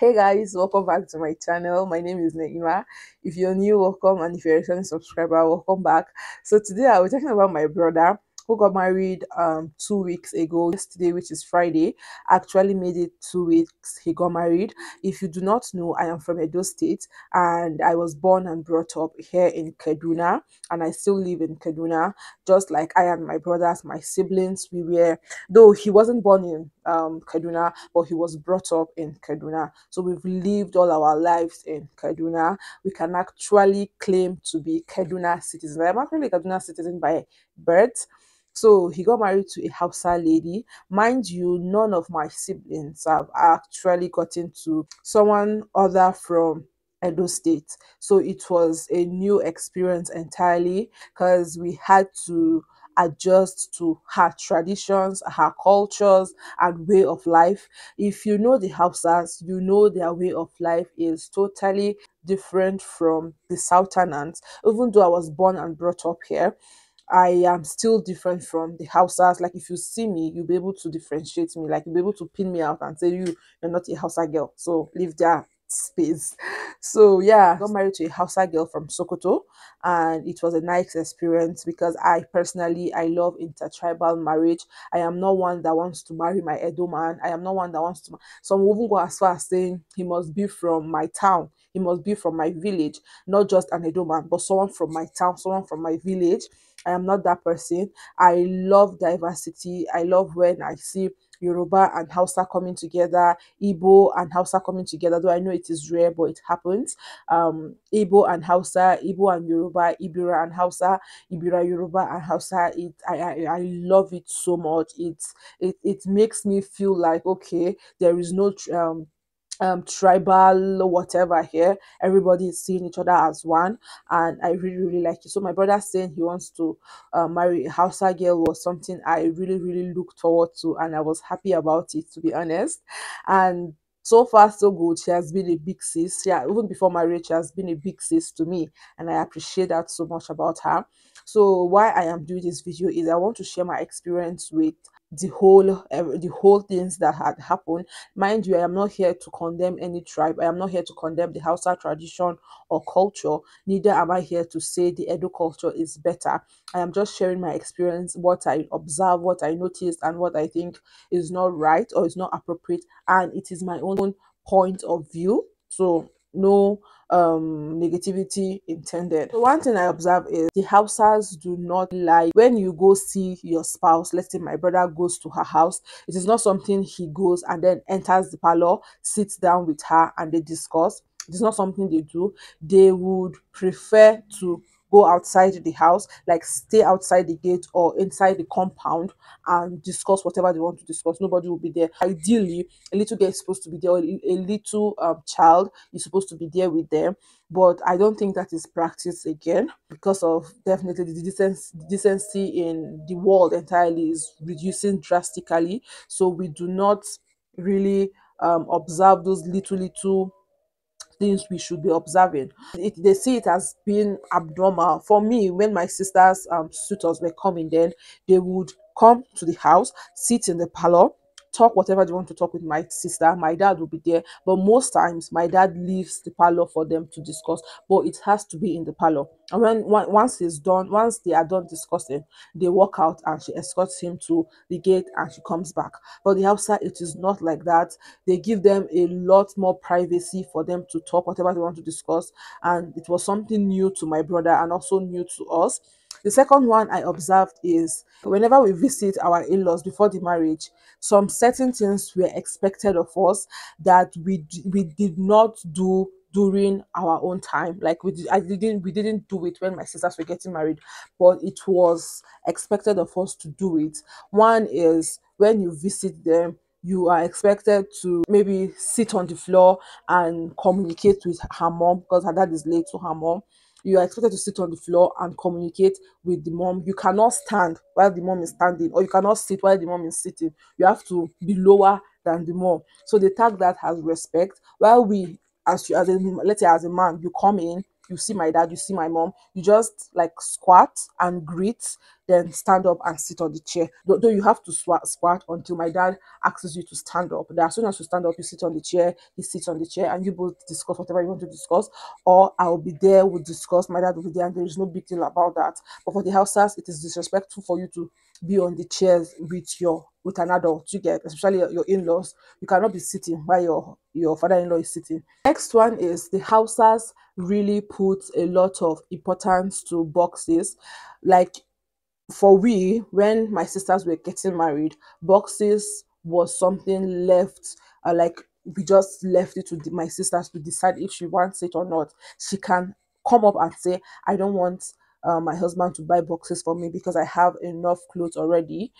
hey guys welcome back to my channel my name is Neima. if you're new welcome and if you're a subscriber welcome back so today I'll be talking about my brother who got married um two weeks ago yesterday which is friday actually made it two weeks he got married if you do not know i am from edo state and i was born and brought up here in kaduna and i still live in kaduna just like i and my brothers my siblings we were though he wasn't born in um, kaduna but he was brought up in kaduna so we've lived all our lives in kaduna we can actually claim to be kaduna citizens i'm actually a kaduna citizen by birth so he got married to a Hausa lady. Mind you, none of my siblings have actually gotten to someone other from Edo State. So it was a new experience entirely because we had to adjust to her traditions, her cultures, and way of life. If you know the Hausas, you know their way of life is totally different from the Southerners, even though I was born and brought up here. I am still different from the Hausas. Like if you see me, you'll be able to differentiate me. Like you'll be able to pin me out and say you you're not a Hausa girl. So leave that space. So yeah, I got married to a Hausa girl from Sokoto, and it was a nice experience because I personally I love intertribal marriage. I am not one that wants to marry my Edo man. I am not one that wants to. So I'm even go as far as saying he must be from my town. He must be from my village, not just an Edo man, but someone from my town, someone from my village I am not that person. I love diversity. I love when I see Yoruba and Hausa coming together, Igbo and Hausa coming together, though I know it is rare, but it happens. Um, Igbo and Hausa, Igbo and Yoruba, Ibira and Hausa, Ibira, Yoruba and Hausa. It, I, I, I love it so much. It's, it, it makes me feel like, okay, there is no, um, um, tribal whatever here. Everybody is seeing each other as one, and I really really like it. So my brother saying he wants to uh, marry a Hausa girl was something I really really looked forward to, and I was happy about it to be honest. And so far so good she has been a big sis yeah even before marriage she has been a big sis to me and i appreciate that so much about her so why i am doing this video is i want to share my experience with the whole eh, the whole things that had happened mind you i am not here to condemn any tribe i am not here to condemn the hausa tradition or culture neither am i here to say the edo culture is better i am just sharing my experience what i observe what i noticed and what i think is not right or is not appropriate and it is my own point of view so no um negativity intended one thing i observe is the houses do not lie when you go see your spouse let's say my brother goes to her house it is not something he goes and then enters the parlor sits down with her and they discuss it's not something they do they would prefer to go outside the house, like stay outside the gate or inside the compound and discuss whatever they want to discuss. Nobody will be there. Ideally, a little girl is supposed to be there, a little um, child is supposed to be there with them. But I don't think that is practiced again because of definitely the decency, decency in the world entirely is reducing drastically. So we do not really um, observe those little, little things we should be observing. It, they see it as being abnormal. For me, when my sister's um, suitors were coming, then they would come to the house, sit in the parlor, talk whatever they want to talk with my sister. My dad will be there. But most times, my dad leaves the parlor for them to discuss, but it has to be in the parlor. And when once he's done, once they are done discussing, they walk out and she escorts him to the gate and she comes back. But the outside, it is not like that. They give them a lot more privacy for them to talk whatever they want to discuss. And it was something new to my brother and also new to us. The second one I observed is whenever we visit our in laws before the marriage, some certain things were expected of us that we, we did not do during our own time like we I didn't we didn't do it when my sisters were getting married but it was expected of us to do it one is when you visit them you are expected to maybe sit on the floor and communicate with her mom because her dad is late to her mom you are expected to sit on the floor and communicate with the mom. You cannot stand while the mom is standing, or you cannot sit while the mom is sitting. You have to be lower than the mom. So they tag that as respect. While we, as you, as a, let's say as a man, you come in, you see my dad, you see my mom, you just like squat and greet, then stand up and sit on the chair. Though you have to squat, squat until my dad asks you to stand up. That as soon as you stand up, you sit on the chair, he sits on the chair, and you both discuss whatever you want to discuss. Or I'll be there, we'll discuss, my dad will be there, and there is no big deal about that. But for the houses, it is disrespectful for you to be on the chairs with your with an adult you get especially your in-laws you cannot be sitting while your your father-in-law is sitting next one is the houses really put a lot of importance to boxes like for we, when my sisters were getting married, boxes was something left, uh, like we just left it to the, my sisters to decide if she wants it or not. She can come up and say, I don't want uh, my husband to buy boxes for me because I have enough clothes already.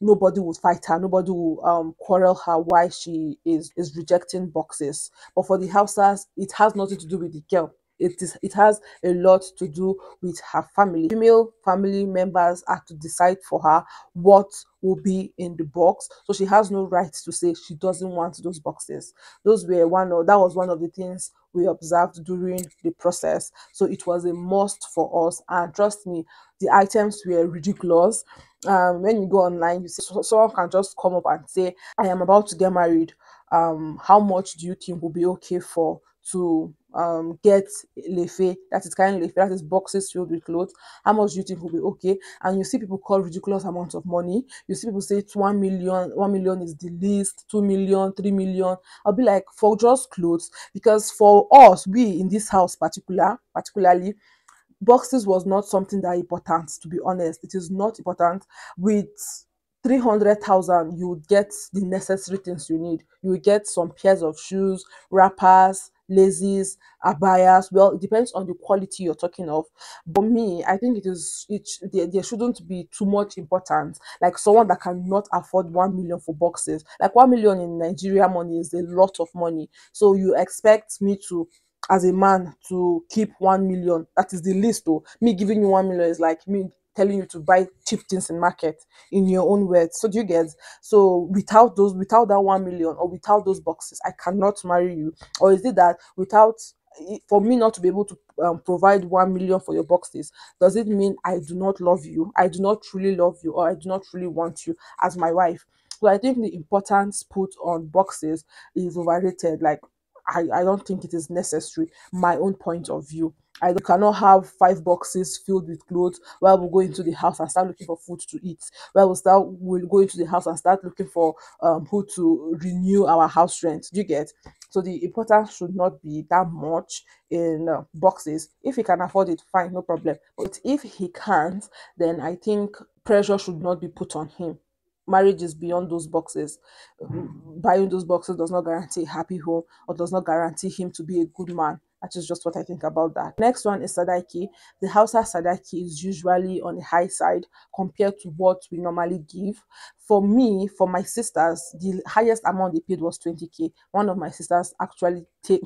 Nobody will fight her. Nobody will um, quarrel her why she is, is rejecting boxes. But for the Hausas, it has nothing to do with the girl it is it has a lot to do with her family female family members have to decide for her what will be in the box so she has no right to say she doesn't want those boxes those were one of that was one of the things we observed during the process so it was a must for us and trust me the items were ridiculous um when you go online you see someone can just come up and say i am about to get married um how much do you think will be okay for to um, get lefe, that is kind of lefe, that is boxes filled with clothes. How much do you think will be okay? And you see people call ridiculous amounts of money. You see people say it's one million, one million is the least, two million, three million. I'll be like, for just clothes, because for us, we in this house particular, particularly, boxes was not something that important. To be honest, it is not important with. 300,000 you get the necessary things you need. You will get some pairs of shoes, wrappers, are buyers. Well, it depends on the quality you're talking of. But me, I think it is it there, there shouldn't be too much importance. Like someone that cannot afford one million for boxes. Like one million in Nigeria money is a lot of money. So you expect me to as a man to keep one million that is the least though me giving you one million is like me telling you to buy cheap things in market in your own words so do you get so without those without that one million or without those boxes i cannot marry you or is it that without for me not to be able to um, provide one million for your boxes does it mean i do not love you i do not truly love you or i do not truly really want you as my wife so i think the importance put on boxes is overrated like i, I don't think it is necessary my own point of view I cannot have five boxes filled with clothes while we go into the house and start looking for food to eat. While we start, we'll go into the house and start looking for um, who to renew our house rent. Do you get? So the importance should not be that much in uh, boxes. If he can afford it, fine, no problem. But if he can't, then I think pressure should not be put on him marriage is beyond those boxes. Mm. Buying those boxes does not guarantee a happy home or does not guarantee him to be a good man. That is just what I think about that. Next one is Sadaki. The Hausa Sadaki is usually on the high side compared to what we normally give. For me, for my sisters, the highest amount they paid was 20k. One of my sisters actually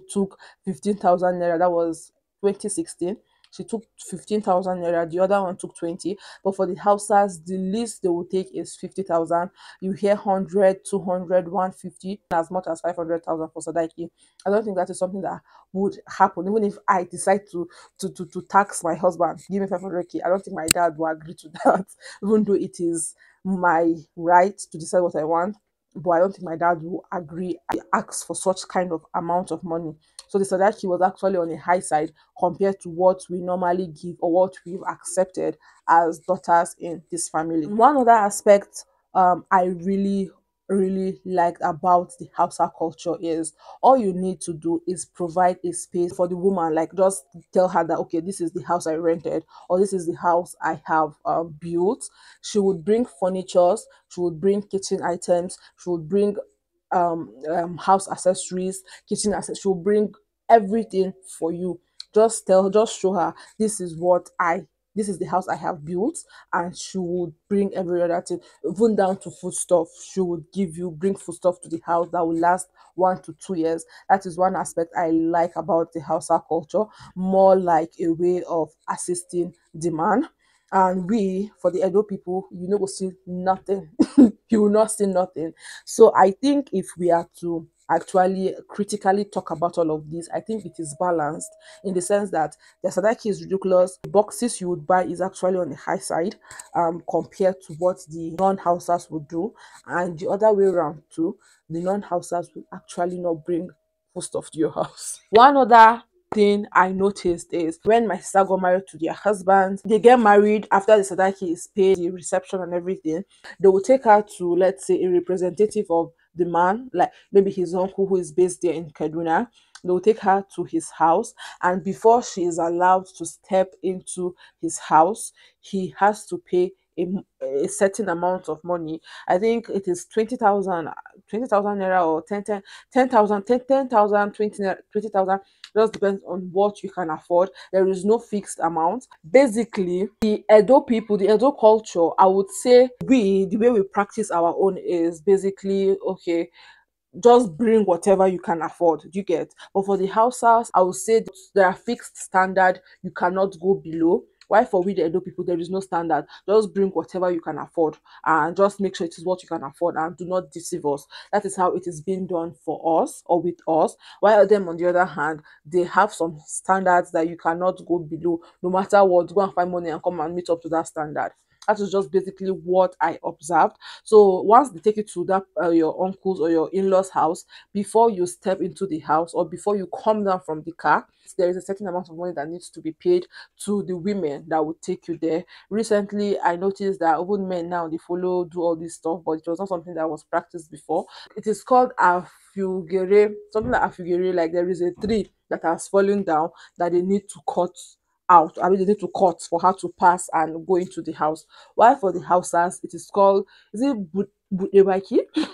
took 15,000 naira. That was 2016 she took 15,000 naira, the other one took 20. But for the houses, the least they will take is 50,000. You hear 100, 200, 150, as much as 500,000 for Sadaki. I don't think that is something that would happen. Even if I decide to, to, to, to tax my husband, give me 500k, I don't think my dad will agree to that, even though it is my right to decide what I want but I don't think my dad will agree. I asked for such kind of amount of money. So that he was actually on a high side compared to what we normally give or what we've accepted as daughters in this family. One other aspect um, I really really liked about the Hausa culture is all you need to do is provide a space for the woman, like just tell her that, okay, this is the house I rented or this is the house I have um, built. She would bring furnitures, she would bring kitchen items, she would bring um, um, house accessories, kitchen accessories, she would bring everything for you. Just tell, just show her this is what I this is the house I have built, and she would bring every other thing, even down to foodstuff. She would give you bring foodstuff to the house that will last one to two years. That is one aspect I like about the Hausa culture, more like a way of assisting demand. And we, for the Edo people, you know, will see nothing. you will not see nothing. So I think if we are to actually critically talk about all of this. I think it is balanced in the sense that the Sadaki is ridiculous. The boxes you would buy is actually on the high side um, compared to what the non-housers would do. And the other way around too, the non-housers will actually not bring food stuff to your house. One other thing I noticed is when my sister got married to their husband, they get married after the sadaki is paid, the reception and everything. They will take her to, let's say, a representative of the man, like maybe his uncle who is based there in Kaduna, they'll take her to his house. And before she is allowed to step into his house, he has to pay a, a certain amount of money. I think it is 20,000 20,000 naira or 10,000, 10,000, 20,000, 20,000 just depends on what you can afford. There is no fixed amount. Basically, the Edo people, the Edo culture, I would say we, the way we practice our own is basically okay, just bring whatever you can afford you get but for the houses i would say there are fixed standard you cannot go below why for we the Edo people there is no standard. Just bring whatever you can afford and just make sure it is what you can afford and do not deceive us. That is how it is being done for us or with us. While them on the other hand, they have some standards that you cannot go below no matter what. Go and find money and come and meet up to that standard that is just basically what i observed so once they take you to that uh, your uncle's or your in-laws house before you step into the house or before you come down from the car there is a certain amount of money that needs to be paid to the women that would take you there recently i noticed that even men now they follow do all this stuff but it was not something that was practiced before it is called a afugere something like afugere like there is a tree that has fallen down that they need to cut out i mean they need to cut for her to pass and go into the house while for the houses it is called is it budewaki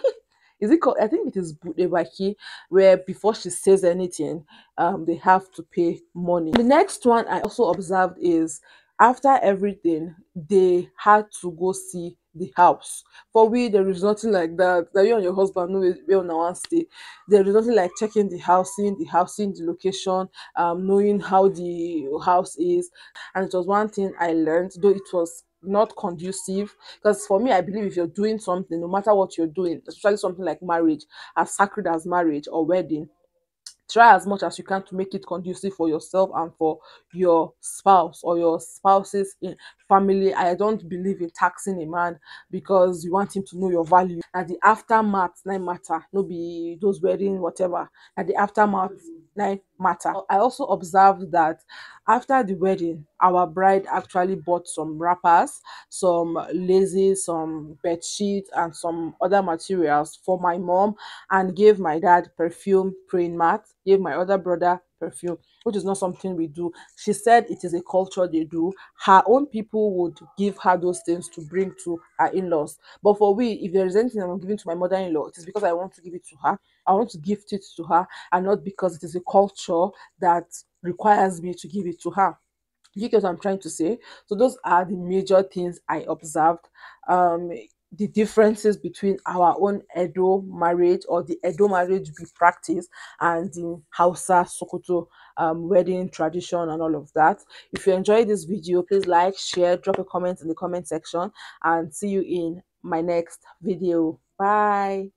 is it called i think it is budewaki where before she says anything um they have to pay money the next one i also observed is after everything they had to go see the house. For we, there is nothing like that. That you and your husband know where on one stay. There is nothing like checking the house, seeing the house, seeing the location, um, knowing how the house is. And it was one thing I learned, though it was not conducive because for me i believe if you're doing something no matter what you're doing especially something like marriage as sacred as marriage or wedding try as much as you can to make it conducive for yourself and for your spouse or your spouse's eh, family i don't believe in taxing a man because you want him to know your value and the aftermath na matter no be those wedding whatever and the aftermath mm -hmm night matter. Oh. I also observed that after the wedding, our bride actually bought some wrappers, some laces, some bed sheets, and some other materials for my mom, and gave my dad perfume praying mat. Gave my other brother perfume, which is not something we do. She said it is a culture they do. Her own people would give her those things to bring to her in-laws. But for we, if there is anything I'm giving to my mother-in-law, it is because I want to give it to her. I want to gift it to her and not because it is a culture that requires me to give it to her. You get what I'm trying to say? So those are the major things I observed. Um, the differences between our own Edo marriage or the Edo marriage we practice and the Hausa Sokoto um, wedding tradition and all of that. If you enjoyed this video, please like, share, drop a comment in the comment section and see you in my next video. Bye.